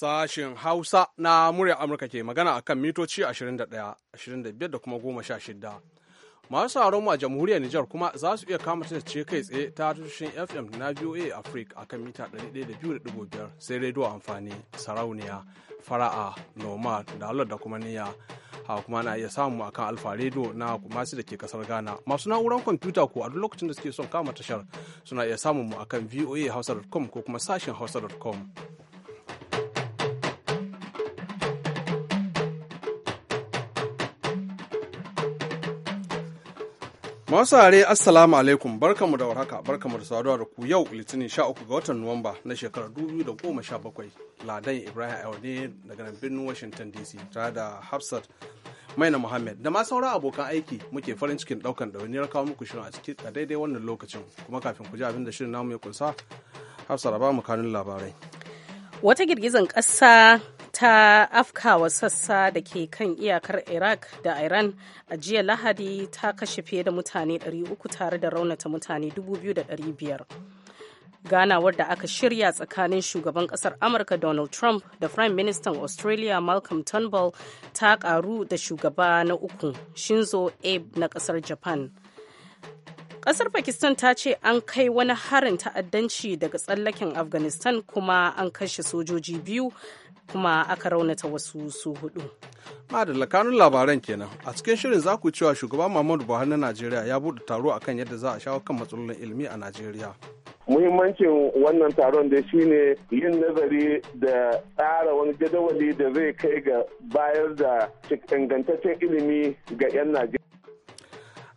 Sashen Hausa na murya Amurka ke magana a kan mitoci 21, 25 da kuma 16. Masu sauraron mu a jamhuriyar Nijar kuma za su iya kama ce kai tsaye ta tushen FM na VOA Africa a kan mita 102.5 sai rediyo amfani sarauniya fara'a noma da da kuma niyya a kuma na iya samu akan alfa rediyo na masu da ke kasar ghana masu na'urar kwamfuta ko a duk lokacin da suke son kama tashar suna iya samun mu akan voa hausa.com ko kuma sashen hausa.com Masu are assalamu alaikum barkamu da warhaka barkamu da saduwa da ku yau litinin 13 ga watan Nuwamba na shekarar 2017 Ladan Ibrahim Ayo ne daga nan birnin Washington DC tare da Hafsat Maina Muhammad da ma sauran abokan aiki muke farin cikin daukan wani kawo muku shirin a cikin a daidai wannan lokacin kuma kafin ku ji abin da shirin namu ya kunsa Hafsat ba mu kanun labarai. Wata girgizan ƙasa ta afkawa sassa da ke kan iyakar iraq da iran a jiya lahadi ta kashe fiye da mutane 300 tare da raunata mutane 2,500 ganawar da aka shirya tsakanin shugaban kasar amurka donald trump da prime minister australia malcolm turnbull ta karu da shugaba na uku shinzo abe na kasar japan kasar Pakistan ta ce an kai wani harin ta'addanci daga tsallaken Afghanistan kuma an kashe sojoji biyu kuma aka raunata wasu su hudu. Madalla kanun labaran kenan a cikin shirin za ku cewa shugaban Muhammadu Buhari na Najeriya ya buɗe taro akan yadda za a shawo kan matsalolin ilimi a Najeriya. Muhimmancin wannan taron da shine yin nazari da tsara wani jadawali da zai kai ga bayar da ingantaccen ilimi ga 'yan Najeriya.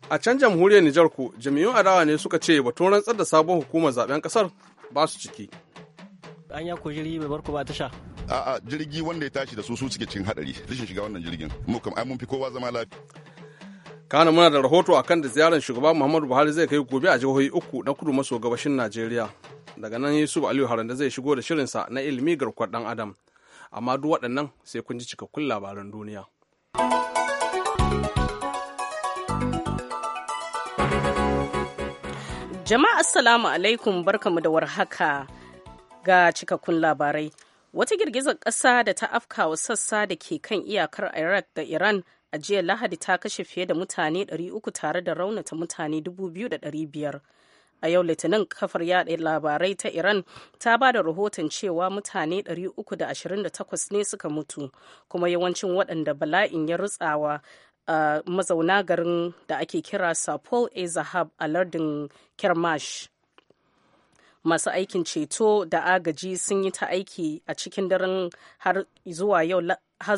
A can jamhuriyar Nijar ku jami'un adawa ne suka ce batun rantsar da sabon hukumar zaben kasar ba su ciki. An ya kujiri bai barku ba ta sha. a'a jirgi wanda ya tashi da su su suke cikin hadari rashin shiga wannan jirgin mu ai mun fi kowa zama lafiya kana muna da rahoto akan da ziyarar shugaban muhammadu buhari zai kai gobe a jihohi uku na kudu maso gabashin najeriya daga nan yusuf aliyu haranda zai shigo da shirinsa na ilimi garkuwar dan adam amma duk waɗannan sai kun ji cikakkun labaran duniya jama'a assalamu alaikum barkamu da warhaka ga cikakkun labarai Wata girgizar ƙasa da ta afka wa sassa da ke kan iyakar Iraq da Iran a jiya Lahadi ta kashe fiye da mutane 300 tare da raunata mutane 2,500. A yau Litinin kafar yaɗa labarai ta Iran ta ba da rahoton cewa mutane 328 ne suka mutu, kuma yawancin waɗanda bala'in ya rutsawa a mazauna garin da ake kira sapol a zahab a lardin Kermash. masu aikin ceto da agaji sun yi ta aiki a cikin daren har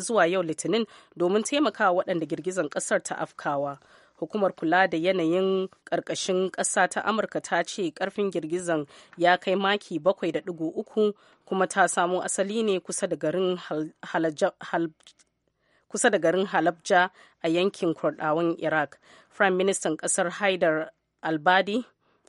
zuwa yau litinin domin taimakawa waɗanda girgizan ƙasar ta afkawa hukumar kula da yanayin ƙarƙashin ƙasa ta amurka ta ce ƙarfin girgizan ya kai maki bakwai da uku kuma ta samo asali ne kusa da garin halabja a yankin kurdawan iraq prime ministan ƙasar haidar albadi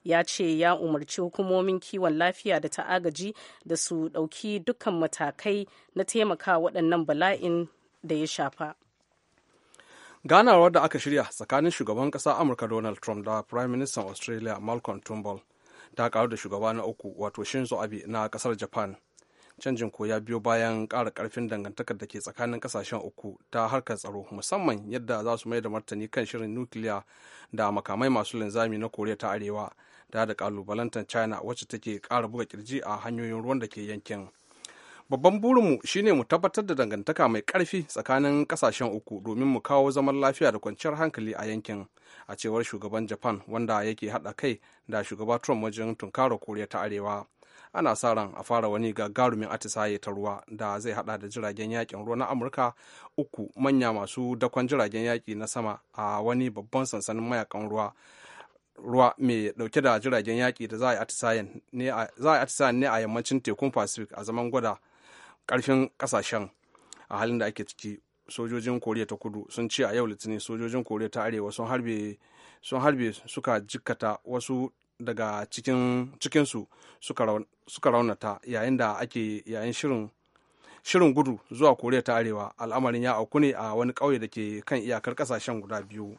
ya ce ya umarci hukumomin kiwon lafiya da ta agaji da su ɗauki dukkan matakai na taimaka waɗannan bala'in da ya shafa. ganawar da aka shirya tsakanin shugaban ƙasa amurka donald trump da prime minister australia malcolm turnbull ta karu da shugaba na uku wato shinzo abe na ƙasar japan canjin ko ya biyo bayan kara ƙarfin dangantakar da ke tsakanin ƙasashen uku ta harkar tsaro musamman yadda za su mai da martani kan shirin nukiliya da makamai masu linzami na koriya ta arewa da da kalubalantar china wacce take kara buga kirji a hanyoyin ruwan da ke yankin babban burinmu shine mu tabbatar da dangantaka mai ƙarfi tsakanin ƙasashen uku domin mu kawo zaman lafiya da kwanciyar hankali a yankin a cewar shugaban japan wanda yake hada kai da shugaba trump wajen tunkara koriya ta arewa ana sa ran a fara wani gagarumin atisaye ta ruwa da zai hada da jiragen yakin ruwa na amurka uku manya masu dakon jiragen yaki na sama a wani babban sansanin mayakan ruwa ruwa mai dauke da jiragen yaƙi da za a yi atisayen ne a yammacin tekun pacific a zaman gwada ƙarfin ƙasashen a halin da ake ciki sojojin koriya ta kudu sun ce a yau litinin sojojin koriya ta arewa sun harbe sun suka jikkata wasu daga cikinsu suka raunata yayin da ake yayin shirin shirin gudu zuwa koriya ta arewa al'amarin ya auku ne a wani ƙauye da ke kan iyakar ƙasashen guda biyu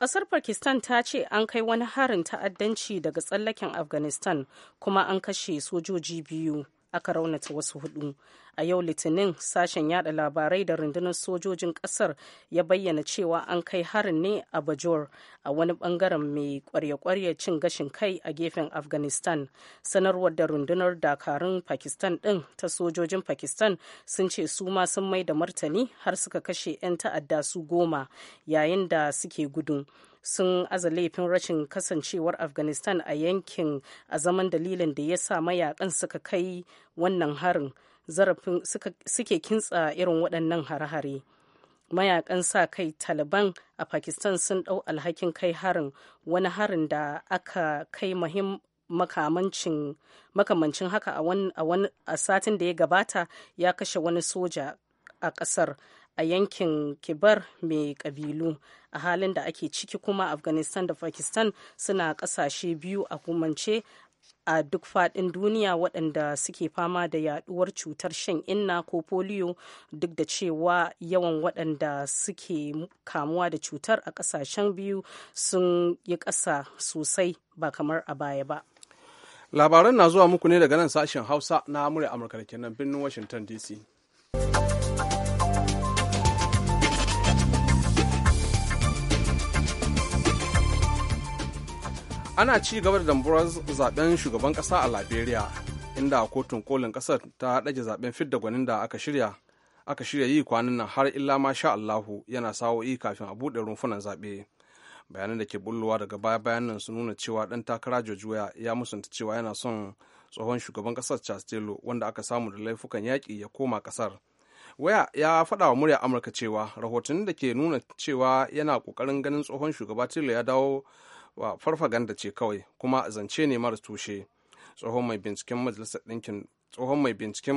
Ƙasar Pakistan ta ce an kai wani harin ta'addanci daga tsallaken Afghanistan kuma an kashe sojoji biyu. aka raunata wasu hudu a yau litinin sashen yada labarai da rundunar sojojin kasar ya bayyana cewa an kai harin ne a bajor a wani bangaren mai kwarya-kwarya cin gashin kai a gefen afghanistan sanarwar da rundunar dakarun pakistan din ta sojojin pakistan sun ce su ma sun mai da martani har suka kashe 'yan ta'adda su goma yayin da suke gudun sun aza laifin rashin kasancewar afghanistan a yankin a zaman dalilin da ya sa mayakan suka kai wannan harin zarafin suke kintsa irin waɗannan hare-hare mayakan sa kai taliban a pakistan sun ɗau alhakin kai harin wani harin da aka kai mahim makamancin haka a satin da ya gabata ya kashe wani soja a ƙasar a yankin kibar mai kabilu a halin da ake ciki kuma afghanistan da pakistan suna kasashe biyu a kumance a duk faɗin duniya waɗanda suke fama da yaɗuwar cutar shan inna ko polio duk da cewa yawan waɗanda suke kamuwa da cutar a ƙasashen biyu sun yi ƙasa sosai ba kamar a baya ba labaran na zuwa muku ne daga nan sashen hausa na amurka amurka da kenan birnin washington dc ana ci gaba da damburar zaben shugaban kasa a liberia inda kotun kolin kasar ta ɗage zaben fidda gwanin da aka shirya aka shirya yi kwanan nan har illa ma sha allahu yana sawo sawo'i kafin a buɗe rumfunan zaɓe bayanan da ke bullowa daga baya bayan nan sun nuna cewa ɗan takara jojuwa ya musanta cewa yana son tsohon shugaban ƙasar chastelo wanda aka samu da laifukan yaƙi ya koma ƙasar waya ya faɗa wa murya amurka cewa rahoton da ke nuna cewa yana ƙoƙarin ganin tsohon shugaba tilo ya dawo wa farfaganda ce kawai kuma zance ne mara tushe tsohon mai binciken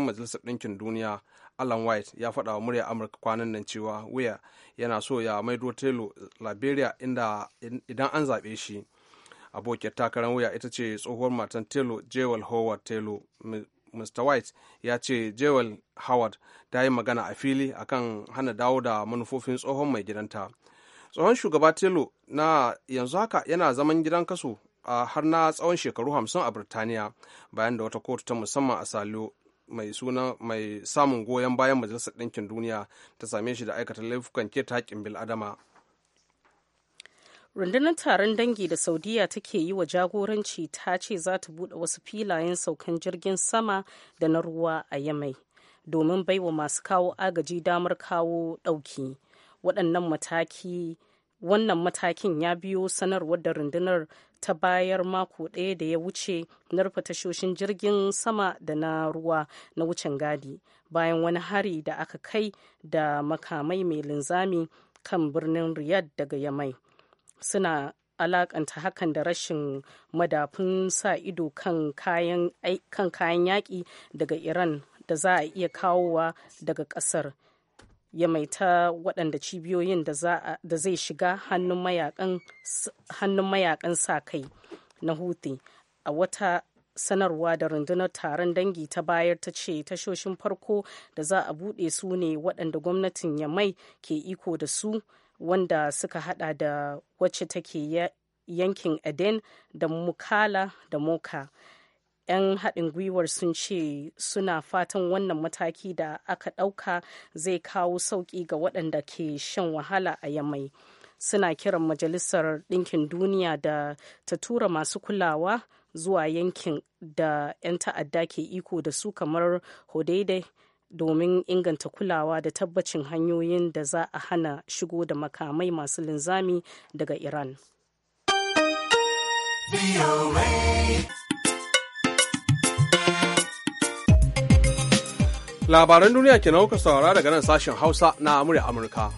majalisar ɗinkin duniya alan white ya faɗa wa murya amurka kwanan nan cewa wuya yana so ya maido telo liberia inda idan an zaɓe shi abokiyar takarar wuya ita ce tsohuwar matan telo jewel howard telo mr white ya ce jewel howard ta yi magana a fili akan hana dawo da manufofin tsohon mai gidanta tsohon shugaba telo na yanzu haka yana zaman gidan kaso a har na tsawon shekaru hamsin a Birtaniya bayan da wata kotu ta musamman a Salo mai suna mai samun goyon bayan majalisar ɗinkin duniya ta same shi da aikata laifukan keta haƙƙin bil'adama. rundunar taron dangi da saudiya take yi wa jagoranci ta ce za ta buɗe wasu filayen saukan jirgin sama da na ruwa a yamai domin baiwa masu kawo agaji damar kawo ɗauki waɗannan mataki wannan matakin ya biyo sanarwar da rundunar ta bayar mako ɗaya da ya wuce na rufe tashoshin jirgin sama da na ruwa na wucin gadi bayan wani hari da aka kai da makamai mai linzami kan birnin riyadh daga yamai suna alakanta hakan da rashin madafun sa ido kan kayan yaƙi daga iran da za a iya kawowa daga ƙasar ya maita waɗanda cibiyoyin da zai shiga hannun mayakan sa kai na huti a wata sanarwa da rundunar taron dangi ta bayar ta ce tashoshin farko da za a buɗe su ne waɗanda gwamnatin yamai ke iko da su wanda suka hada da wacce take yankin eden da mukala da moka 'yan haɗin gwiwar sun ce suna fatan wannan mataki da aka ɗauka zai kawo sauƙi ga waɗanda ke shan wahala a yamai suna kiran majalisar ɗinkin duniya da ta tura masu kulawa zuwa yankin da 'yan ta'adda ke iko da su kamar hodaidai domin inganta kulawa da tabbacin hanyoyin da za a hana shigo da makamai masu linzami daga iran. Labaran duniya ke kuka saurara daga nan sashen Hausa na murya Amurka.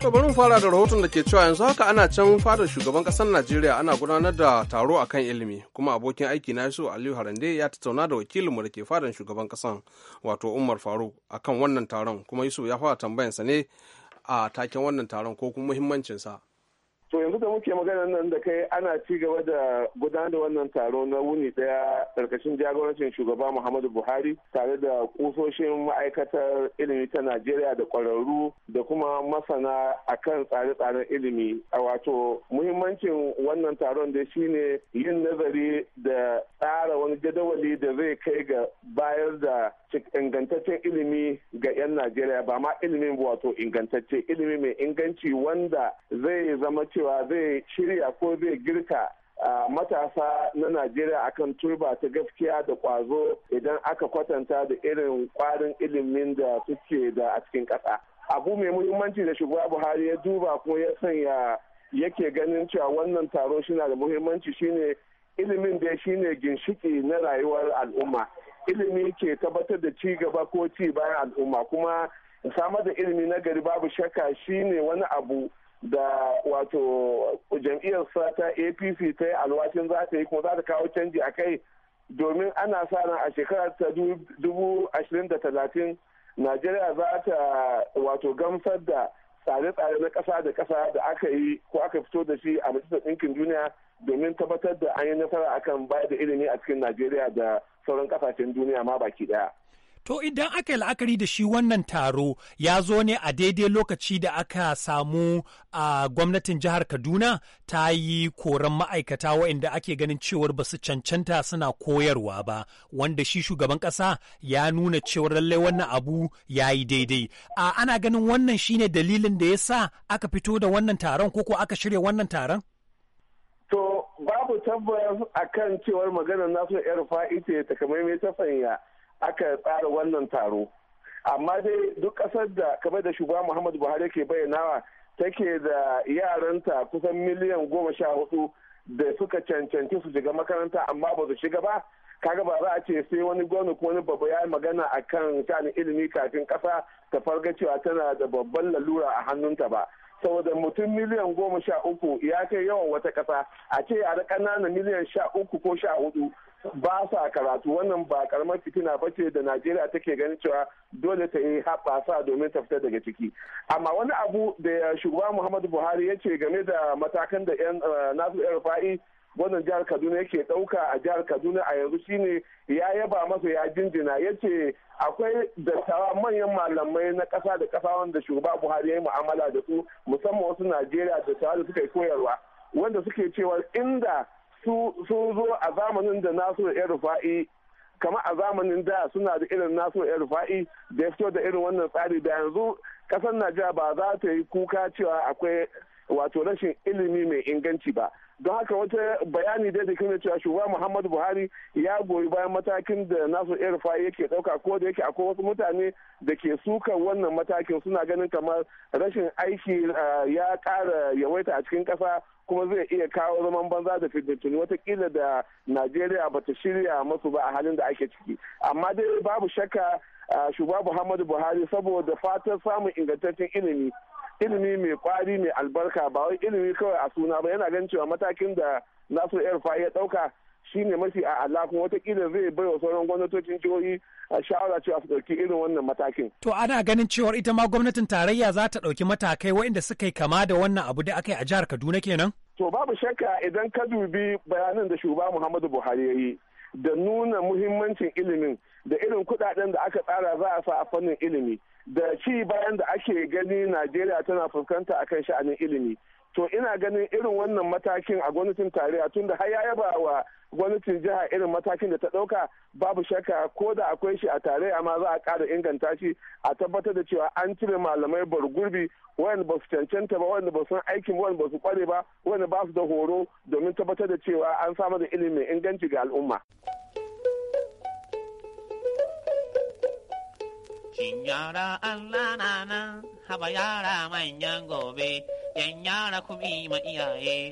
To bari mu fara da rahoton da ke cewa yanzu haka ana can fadar shugaban kasar Najeriya ana gudanar da taro akan ilimi kuma abokin aiki na Yusuf Aliyu Harande ya tattauna da wakilinmu da ke fadar shugaban kasar wato Umar Faruk akan wannan taron kuma Yusuf ya fara tambayansa ne a taken wannan taron ko kuma muhimmancinsa. to yanzu da muke magana nan da kai ana ci gaba da gudanar da wannan taro na wuni daya karkashin jagorancin shugaba muhammadu buhari tare da kusoshin ma'aikatar ilimi ta najeriya da kwararru da kuma masana a kan tsare-tsaren ilimi a wato muhimmancin wannan taron da shine yin nazari da tsara wani jadawali da zai kai ga bayar da ingantaccen ilimi ga 'yan najeriya ba ma ilimin wato ingantacce ilimi mai inganci wanda zai zama cewa zai shirya ko zai girka matasa na Najeriya akan turba ta gaskiya da kwazo idan aka kwatanta da irin kwarin ilimin da suke da a cikin ƙasa. Abu mai muhimmanci da shugaba Buhari ya duba ko ya sanya yake ganin cewa wannan taro shina da muhimmanci shine ilimin da shine ginshiki na rayuwar al'umma. Ilimi ke tabbatar da ci gaba ko ci bayan al'umma kuma samar da ilimi na gari babu shakka shine wani abu da wato jam'iyyar ta apc ta yi alwashin za ta yi kuma za ta kawo canji a kai domin ana sa ran a shekarar ta dubu ashirin da talatin najeriya za ta wato gamsar da tsare-tsare na ƙasa da ƙasa da aka yi ko aka fito da shi a majalisar ɗinkin duniya domin tabbatar da an yi nasara akan bayar da ilimi a cikin najeriya da sauran ƙasashen duniya ma baki ɗaya. To idan aka yi la'akari da shi wannan taro ya zo ne a daidai lokaci da aka samu a gwamnatin jihar Kaduna ta yi koran ma'aikata waɗanda ake ganin cewar ba su cancanta suna koyarwa ba, wanda shi shugaban ƙasa ya nuna cewar lallai wannan abu ya yi daidai. A ana ganin wannan shine dalilin da ya sa aka fito da wannan taron ko ko aka shirya wannan taron? To babu tabbas akan cewar maganar nasu 'yar fa'ita ta kamar mai ta fanya. aka tsara wannan taro amma dai duk ƙasar da kamar da shugaba muhammadu buhari ke bayyanawa take da yaranta kusan miliyan goma sha hudu da suka cancanci su shiga makaranta amma ba su shiga ba kaga ba za a ce sai wani gwamna ko wani babba ya yi magana a kan sha'anin ilimi kafin ƙasa ta farga cewa tana da babban lalura a hannunta ba saboda mutum miliyan goma sha uku ya kai yawan wata ƙasa a ce a da ƙananan miliyan sha uku ko sha hudu ba sa karatu wannan ba karamar fitina ba ce da najeriya take ganin cewa dole ta yi haɓasa domin ta fita daga ciki amma wani abu da shugaba muhammadu buhari ya ce game da matakan da yan eh, nasu yan rufa'i wannan jihar kaduna yake ɗauka a jihar kaduna a yanzu shine ya yaba masa ya jinjina ya ce akwai dattawa manyan malamai na ƙasa da ƙasa wanda shugaba buhari ya yi mu'amala da su musamman wasu najeriya da dattawa da suka yi koyarwa wanda suke cewa inda su sun zo a zamanin da nasu da rufa'i kama a zamanin da suna da irin nasu da rufa'i da ya fito da irin wannan tsari da yanzu kasar najeriya ba za ta yi kuka cewa akwai wato rashin ilimi mai inganci ba don haka wata bayani da da kuma cewa shugaban muhammadu buhari ya goyi bayan matakin da nasu irfa yake dauka ko da yake akwai wasu mutane da ke sukan wannan matakin suna ganin kamar rashin aiki eh, ya kara yawaita a cikin kasa kuma zai iya kawo zaman banza da fitintuni watakila da najeriya ta shirya masu ba a halin da ake ciki amma dai babu shakka shugaba muhammadu buhari saboda fatan samun ingantaccen ilimi ilimi mai kwari mai albarka ba wai ilimi kawai a suna ba yana ganin cewa matakin da nasu erfa ya dauka shine mafi a alakun watakila zai bai wa sauran gwamnatocin jihohi a shawara cewa su ɗauki irin wannan matakin. To ana ganin cewar ita ma gwamnatin tarayya za ta ɗauki matakai waɗanda suka yi kama da wannan abu da aka yi a jihar Kaduna kenan? To babu shakka idan ka dubi bayanan da shugaba Muhammadu Buhari ya yi da nuna muhimmancin ilimin da irin kuɗaɗen da aka tsara za a sa a fannin ilimi da ci bayan da ake gani Najeriya tana fuskanta akan sha'anin ilimi. to ina ganin irin wannan matakin a gwamnatin tarayya tunda har ya yaba wa gwamnatin jiha irin matakin da ta ɗauka babu shakka ko da akwai shi a tare amma za a kara inganta shi a tabbatar da cewa an cire malamai bargurbi wanda ba su cancanta ba wanda ba su san aikin ba wanda ba su kware ba wanda ba su da horo domin tabbatar da cewa an samar da ilimi mai inganci ga al'umma. Shin yara Allah na nan, haba yara manyan gobe, yan yara kuma ma iyaye.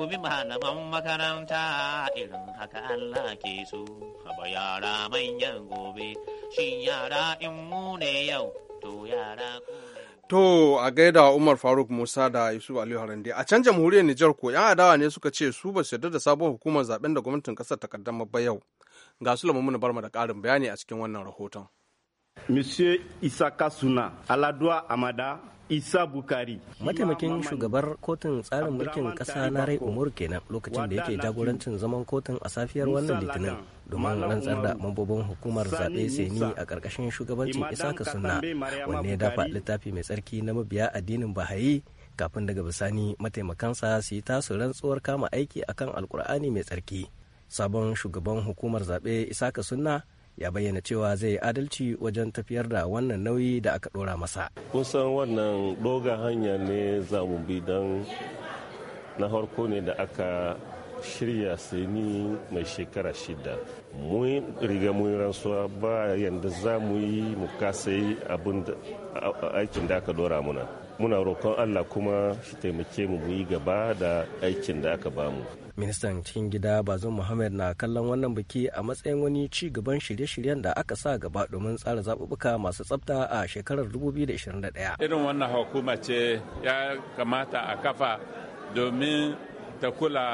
ku bi malaman makaranta irin haka Allah ke so, haba yara manyan gobe, shin yara in mu ne yau, to yara ku To a gaida Umar Faruk Musa da Yusuf Aliyu Harande a can jamhuriyar Nijar ko 'yan adawa ne suka ce su ba su yarda da sabon hukumar zaben da gwamnatin kasar ta kaddama ba yau. Ga su lamu bar mu da ƙarin bayani a cikin wannan rahoton. Monsieur Isaka Suna, Aladua Amada, isa bukari mataimakin shugabar kotun tsarin mulkin ƙasa na rai umar kenan lokacin da yake jagorancin zaman kotun a safiyar wannan litinin domin rantsar da mambobin hukumar zaɓe seni a ƙarƙashin shugabancin isaka sunna wanne ya dafa littafi mai tsarki na mabiya addinin bahayi kafin daga bisani mataimakansa su yi tasu rantsuwar kama aiki akan alkur'ani mai tsarki sabon shugaban hukumar zaɓe isaka sunna ya bayyana cewa zai adalci wajen tafiyar da wannan nauyi da aka ɗora masa. Kun san wannan doga hanya ne za bi don na harko ne da aka shirya sani mai shekara shida. Mun riga mun rantsuwa ba yadda za mu yi mu kasa yi aikin da aka dora muna. Muna roƙon Allah kuma shi taimake mu mu yi gaba da aikin da aka bamu. ministan cikin gida bazum muhammad na kallon wannan biki a matsayin wani ci gaban shirye-shiryen da aka sa gaba domin tsara zaɓuɓɓuka masu tsafta a shekarar 2021 irin wannan hukuma ce ya kamata a kafa domin ta kula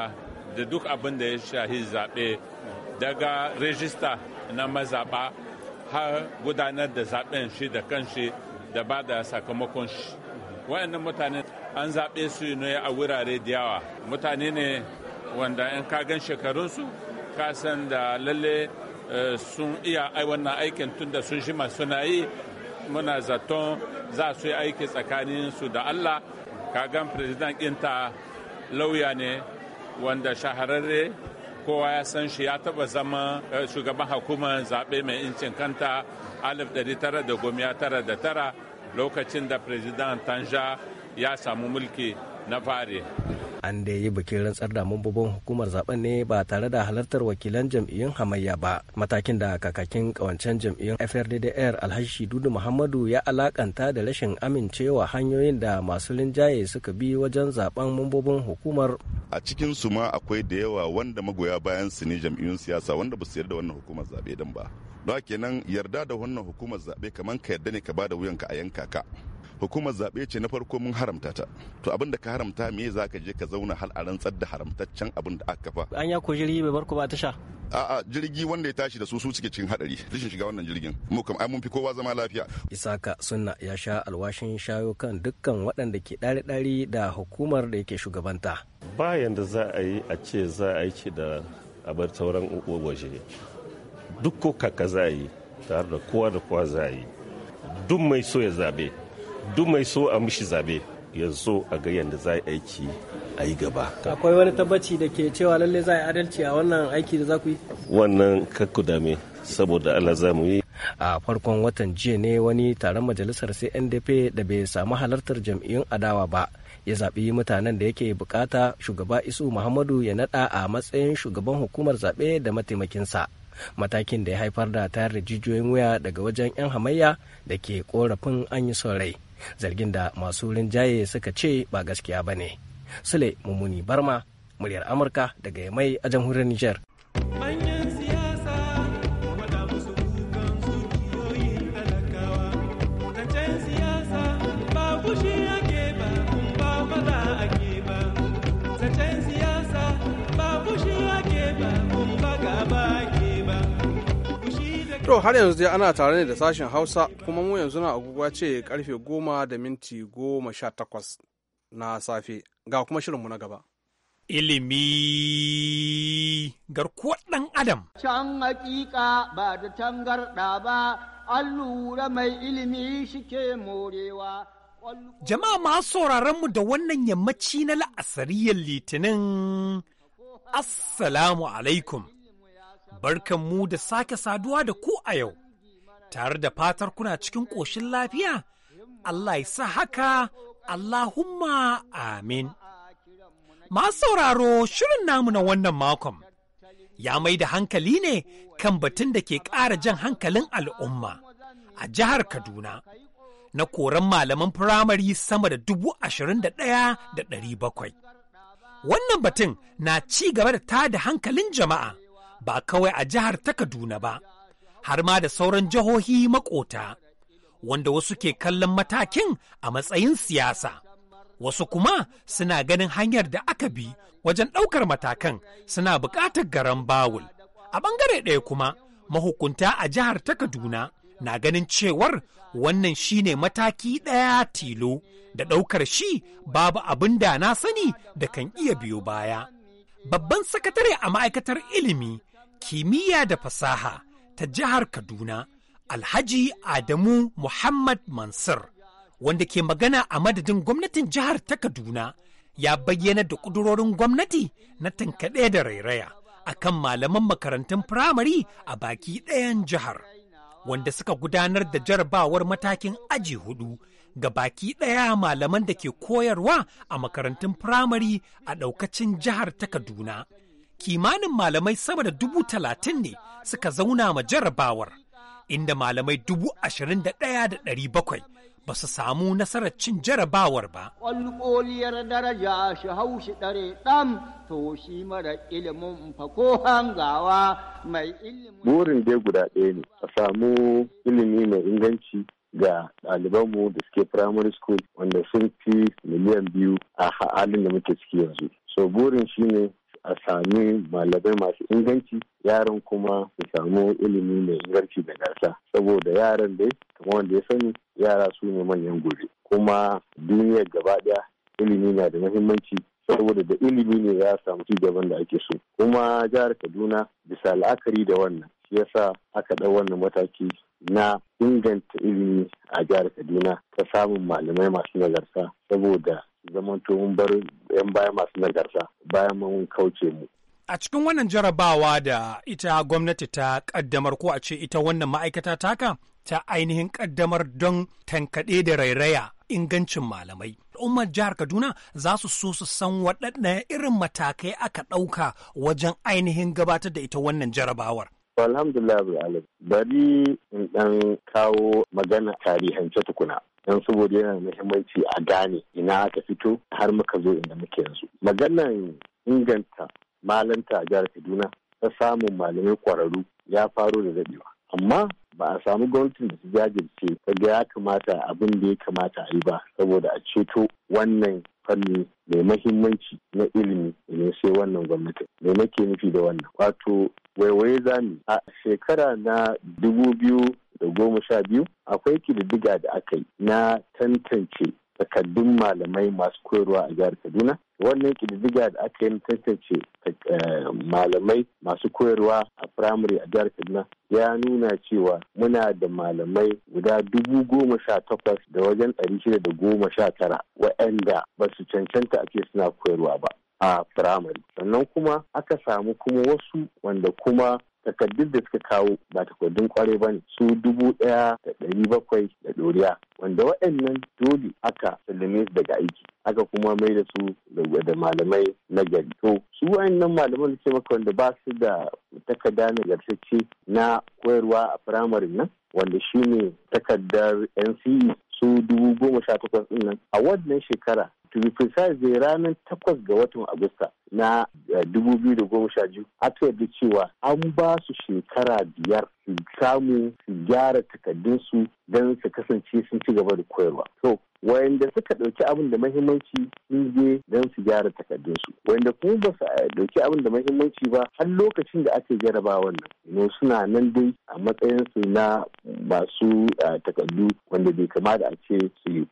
da duk abin da ya shahi zaɓe daga rajista na mazaɓa har gudanar da zaɓen shi da kanshi da ba da sakamakon shi wa'annan mutane an zaɓe su ne a wurare da yawa mutane ne wanda in ka gan shekarunsu ka san da lalle eh, sun iya ai wannan aikin tun da sun shima suna yi muna zaton za su yi aiki tsakaninsu da Allah ka gan president ɗinta lauya ne wanda shahararre kowa ya san shi ya taba zama eh, shugaban hukumar zaɓe mai incin kanta 1999 lokacin da president tanja ya samu mulki na fare. an da yi bikin rantsar da mambobin hukumar zaben ne ba tare da halartar wakilan jam'iyyun hamayya ba matakin da kakakin kawancen jam'iyyun FRDDR Alhaji Shidudu Muhammadu ya alakanta da rashin amincewa hanyoyin da masu linjaye suka bi wajen zaben mambobin hukumar a cikin su ma akwai da yawa wanda magoya bayan su ne jam'iyyun siyasa wanda ba su yarda wannan hukumar zabe din ba don kenan yarda da wannan hukumar zabe kamar ka yarda ne ka bada wuyanka a yanka ka hukumar zaɓe ce na farko mun haramta ta to abin da ka haramta me za ka je ka zauna har a rantsar da haramtaccen abin da aka fa. an ya ko jirgi bai ku ba ta sha a'a jirgi wanda ya tashi da su su cike cikin hadari rashin shiga wannan jirgin mu kam ai mun fi kowa zama lafiya isaka sunna ya sha alwashin shayo kan dukkan waɗanda ke ɗari-ɗari da hukumar da yake shugabanta bayan da za a yi a ce za a yi ce da abar sauran waje duk ko kaka za a yi tare da kowa da kowa za a yi duk mai so ya zabe duk mai so a mishi zabe ya zo a ga yadda za aiki a yi gaba. Akwai wani tabbaci da ke cewa lalle za a adalci a wannan aiki da za ku yi? Wannan kakku dame saboda Allah za mu yi. A farkon watan jiya ne wani taron majalisar CNDP da bai samu halartar jam'iyyun adawa ba ya zaɓi mutanen da yake bukata shugaba Isu Muhammadu ya naɗa a matsayin shugaban hukumar zaɓe da mataimakinsa. Matakin da ya haifar da tayar da jijiyoyin wuya daga wajen 'yan hamayya da ke korafin an yi son rai. zargin da masu rinjaye suka ce ba gaskiya ba ne sule mummuni barma muryar amurka daga mai a jamhuriyar nijar. To har yanzu dai ana tare ne da sashen Hausa kuma mu yanzu na agogo ce karfe goma da minti goma sha takwas na safe ga kuma shirinmu na gaba. Ilimi garkuwar ɗan Adam. Can hakika ba da tangarɗa ba, an lura mai ilimi shike morewa. Jama'a masu sauraronmu da wannan yammaci na la'asariyar litinin, Assalamu alaikum. barkan mu da sake saduwa da ku a yau, tare da fatar kuna cikin ƙoshin lafiya, Allah ya sa haka, Allahumma amin. Masu sauraro shirin namu na wannan makon ya mai da hankali ne kan batun da ke ƙara jan hankalin al'umma a jihar Kaduna. Na koran malaman firamare sama da dubu ashirin da ɗaya da ɗari bakwai. Wannan batun na ci gaba da tada hankalin jama'a. ba kawai a jihar ta Kaduna ba, har ma da sauran jihohi makota, wanda wasu ke kallon matakin a matsayin siyasa. Wasu kuma suna ganin hanyar da aka bi wajen ɗaukar matakan suna buƙatar garan bawul. A ɓangare ɗaya kuma, mahukunta a jihar ta Kaduna na ganin cewar wannan shine mataki ɗaya tilo da ɗaukar shi babu abin da na sani da kan iya biyo baya. Babban sakatare a ma'aikatar ilimi kimiyya da fasaha ta jihar Kaduna, Alhaji Adamu Muhammad Mansur, wanda ke magana a madadin gwamnatin jihar ta Kaduna, ya bayyana da ƙudurorin gwamnati na tankaɗe da rairaya a kan malaman makarantun firamari a baki ɗayan jihar, wanda suka gudanar da jarabawar matakin aji hudu ga baki ɗaya malaman da ke koyarwa a makarantun firamare a ɗaukacin jihar ta Kaduna. kimanin malamai sama da dubu talatin ne suka zauna ma jarrabawar inda malamai dubu ashirin da ɗaya da ɗari bakwai ba su samu nasarar cin jarabawar ba. Ƙwalƙoliyar daraja shi hau ɗare ɗan to mara ilimin fako hangawa mai ilimin. Burin dai guda ɗaya ne, a samu ilimi mai inganci ga ɗalibanmu da suke primary school wanda sun fi miliyan biyu a halin da muke ciki yanzu. So burin shi ne a sami malamai masu inganci yaran kuma su samu ilimi mai inganci da gasa saboda yaran dai kuma wanda ya sani yara su ne manyan gobe kuma duniyar gaba daya ilimi na da muhimmanci saboda da ilimi ne ya samu ci gaban da ake so kuma jihar kaduna bisa la'akari da wannan shi yasa aka ɗau wannan mataki na inganta ilimi a jihar kaduna ta samun malamai masu nagarta saboda zamanto mun bar 'yan baya masu nagarta bayan mun kauce mu. A cikin wannan jarabawa da ita gwamnati ta ƙaddamar ko a ce ita wannan ma'aikata taka ta ainihin ƙaddamar don tankaɗe da rairaya ingancin malamai. Umar jihar Kaduna za su so su san waɗanne irin matakai aka ɗauka wajen ainihin gabatar da ita wannan jarabawar. Alhamdulillah bari in ɗan kawo magana tarihance tukuna. don saboda yana da muhimmanci a gane ina aka fito har muka zo inda muke yanzu maganan inganta malanta a jihar kaduna ta samun malamai kwararru ya faro da dadewa amma ba a samu gwamnatin da su jajirce ga ya kamata abin da ya kamata a yi ba saboda a ceto wannan fanni mai mahimmanci na ilimi ne sai wannan gwamnati me nake nufi da wannan wato waiwaye zami a shekara na dubu biyu da goma sha biyu akwai kididdiga da aka yi na tantance takaddun malamai masu koyarwa a jihar kaduna wannan ƙididdiga da aka yi tantance eh, malamai masu koyarwa a firamare a jihar kaduna ya nuna cewa muna da malamai guda dubu goma sha takwas da wajen ɗari shida da goma sha tara waɗanda ba su cancanta ake suna koyarwa ba a firamare sannan kuma aka samu kuma wasu wanda kuma takardun da suka kawo ba takardun kware ba ne su dubu ɗaya da ɗari bakwai da ɗoriya wanda waɗannan dole aka sallame su daga aiki aka kuma mai da su da malamai na gari to su waɗannan malaman ce maka wanda ba su da takarda na nagartacce na koyarwa a firamare nan wanda shi ne takardar nce su dubu goma sha takwas ɗin nan a wannan shekara to be precise da ranar takwas ga watan agusta na 2012 eh, aka yarda cewa an ba su shekara biyar su samu su gyara takardunsu don su kasance sun ci gaba da koyarwa so wayanda suka dauki abin da mahimmanci sun je don su gyara takardunsu wayanda kuma ba su eh, ɗauki abin da mahimmanci ba har lokacin da ake jaraba wannan ne suna nan dai a matsayinsu na masu eh, takardu wanda bai kamata a ce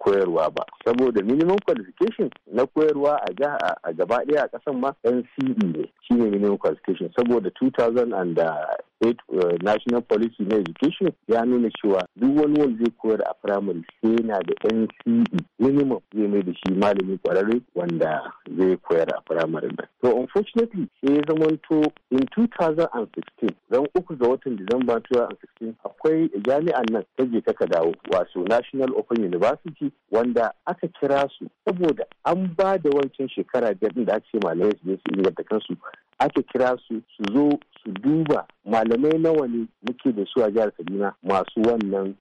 koyarwa ba saboda minimum qualification na koyarwa a jiha a gaba ɗaya a kasan ma NCE ne shine minimum qualification saboda 2008 uh, national policy na education ya nuna cewa duk wani wanda zai koyar a primary sai na da NCE minimum zai mai da shi malami kwararre wanda zai koyar a primary nan to unfortunately sai ya zamanto in 2016 ran uku ga watan Disamba 2016 akwai jami'an nan ta je ta dawo wato National Open University wanda aka kira su saboda an ba da wancan shekara biyar da aka ce malamai su je su inganta kansu aka kira su su zo su duba malamai nawa ne muke da su a jihar kaduna masu wannan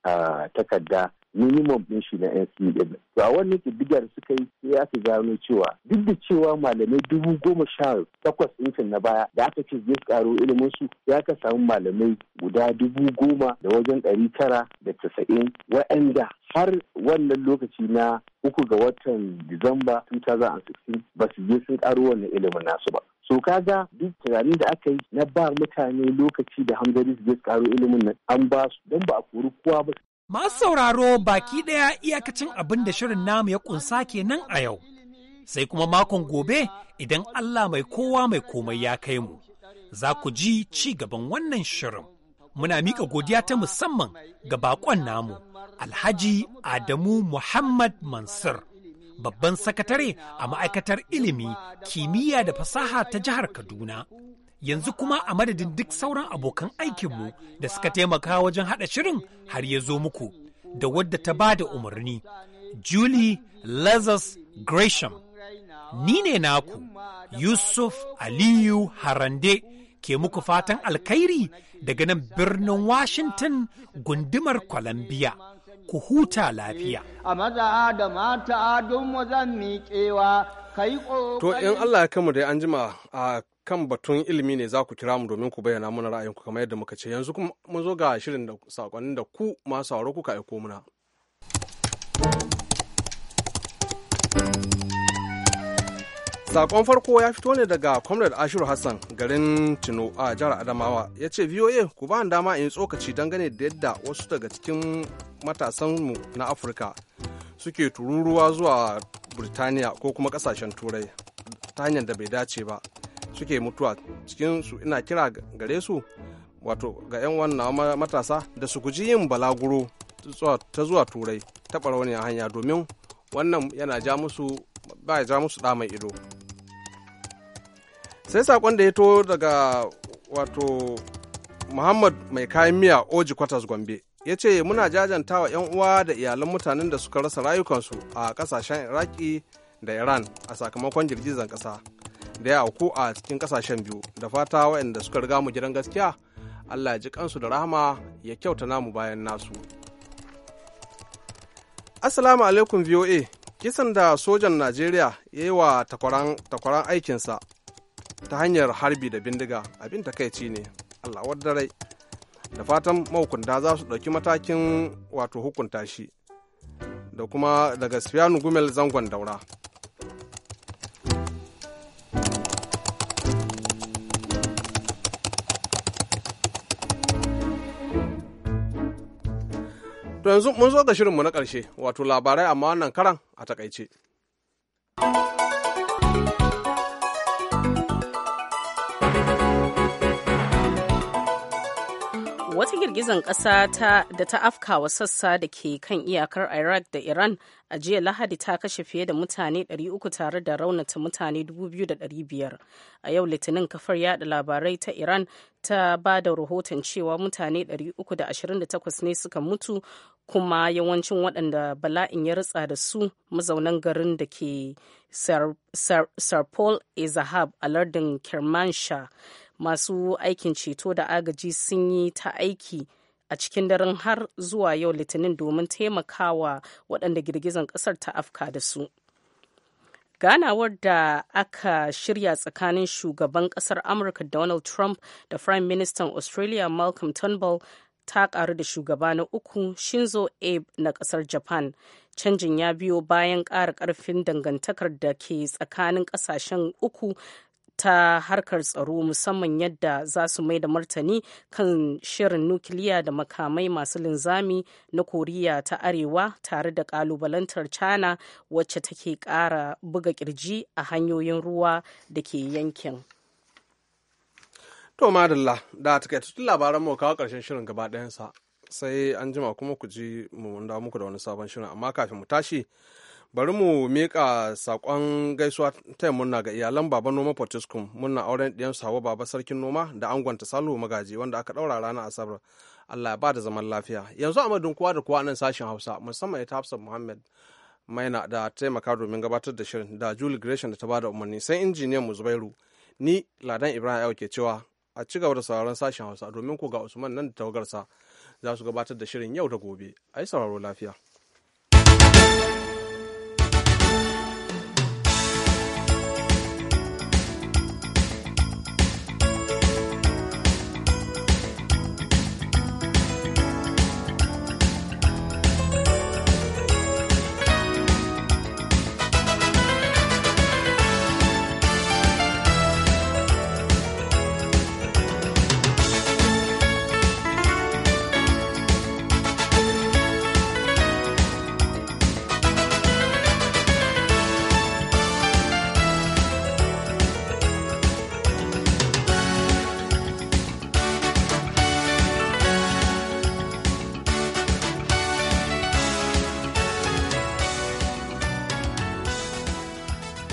takarda minimum din shi na NCE To a wannan ƙididdigar suka yi sai aka gano cewa duk da cewa malamai dubu goma sha takwas ɗin na baya da aka ce zai karo ilimin su ya ka samu malamai guda dubu goma da wajen ɗari tara da casa'in waɗanda har wannan lokaci na uku ga watan Disamba 2016 ba su je sun karo wannan ilimin nasu ba. So kaga duk tunanin da aka yi na ba mutane lokaci da hamzari su je su karo ilimin nan an ba su don ba a kori kowa ba. Masu sauraro baki ɗaya iyakacin abin da shirin namu ya kunsa kenan a yau. Sai kuma makon gobe idan Allah mai kowa mai komai ya kai mu. Za ku ji ci gaban wannan shirin. Muna mika godiya ta musamman ga bakon namu. Alhaji Adamu Muhammad Mansur, babban sakatare a ma'aikatar ilimi, kimiyya da fasaha ta jihar Kaduna. Yanzu kuma a madadin duk sauran abokan aikinmu da suka taimaka wajen haɗa shirin har ya zo muku da wadda ta ba da umarni, Julie Lazarus Gresham. Ni ne naku, Yusuf Aliyu Harande. ke muku fatan alkhairi daga nan birnin Washington gundumar Columbia. ku huta lafiya. Eh, a maza da mata don mu zan miƙewa kai To in Allah ya kama da an jima a kan batun ilimi ne za ku kira mu domin ku bayyana mana ra'ayinku kamar yadda muka ce yanzu kuma mun zo ga shirin da saƙonin da ku masu sauraro kuka aiko muna. sakon farko ya fito ne daga comrade ashiru hassan garin tino a jihar adamawa ya ce voa ku ba dama in tsokaci dangane da yadda wasu daga cikin matasanmu na afirka suke tururuwa zuwa birtaniya ko kuma kasashen turai ta hanyar da bai dace ba suke mutuwa cikin su ina kira gare su wato ga 'yan wannan matasa da su guji yin balaguro ta zuwa turai ta hanya domin wannan yana ja musu ba ya ja musu ɗa mai ido sai sakon da ya to daga wato muhammad mai kayan miya oji kwatas gombe ya ce muna jajanta wa 'yan uwa da iyalan mutanen da suka rasa rayukansu a kasashen iraki da iran a sakamakon girgizan kasa da ya auku a cikin kasashen biyu da fata waɗanda suka riga mu gidan gaskiya allah ya ji kansu da rahama ya kyauta namu bayan nasu assalamu alaikum voa kisan da sojan najeriya ya yi wa takwaran aikinsa ta hanyar harbi da bindiga abin takaici ne allah rai da fatan mahukunta za su ɗauki matakin wato hukunta shi da kuma daga sufiyanu gumel zangon daura to yanzu mun zo ga shirinmu na ƙarshe wato labarai amma wannan karan a takaice. wata girgizan ƙasa ta da ta afka wa sassa da ke kan iyakar iraq da iran a jiya lahadi ta kashe fiye da mutane 300 tare da raunata mutane 2,500 a yau litinin kafar yada labarai ta iran ta ba da rahoton cewa mutane 328 ne suka mutu kuma yawancin waɗanda bala'in ya ritsa da su mazaunan garin da ke sarpol ezahab a lardin kermansha masu aikin ceto da agaji sun yi ta aiki a cikin daren har zuwa yau litinin domin taimakawa waɗanda girgizan ƙasar ta afka da su ganawar da aka shirya tsakanin shugaban ƙasar amurka donald trump da prime minister australia malcolm turnbull ta ƙaru da shugaba na uku shinzo abe na ƙasar japan canjin ya biyo bayan ƙara ƙarfin dangantakar da ke tsakanin ƙasashen uku ta harkar tsaro musamman yadda za su mai da martani kan shirin nukiliya da makamai masu linzami na koriya ta arewa tare da kalubalantar china wacce take kara buga kirji a hanyoyin ruwa da ke yankin to madalla da takaitattun labaran mu kawo karshen shirin gaba sa sai an jima kuma ku ji mu da muku da wani sabon shirin amma kafin mu tashi bari mu miƙa saƙon gaisuwa ta murna ga iyalan baba noma potiskum munna auren ɗiyan sawa baba sarkin noma da angonta salihu magaji wanda aka ɗaura ranar asabar allah ya ba da zaman lafiya yanzu a madun kowa da kowa nan sashen hausa musamman ita hafsa muhammad maina da taimaka domin gabatar da shirin da juli gresham da ta ba da umarni sai injiniyan mu zubairu ni ladan ibrahim ke cewa a ci gaba da sauraron sashen hausa domin ko ga usman nan da tawagarsa za su gabatar da shirin yau da gobe a yi sauraro lafiya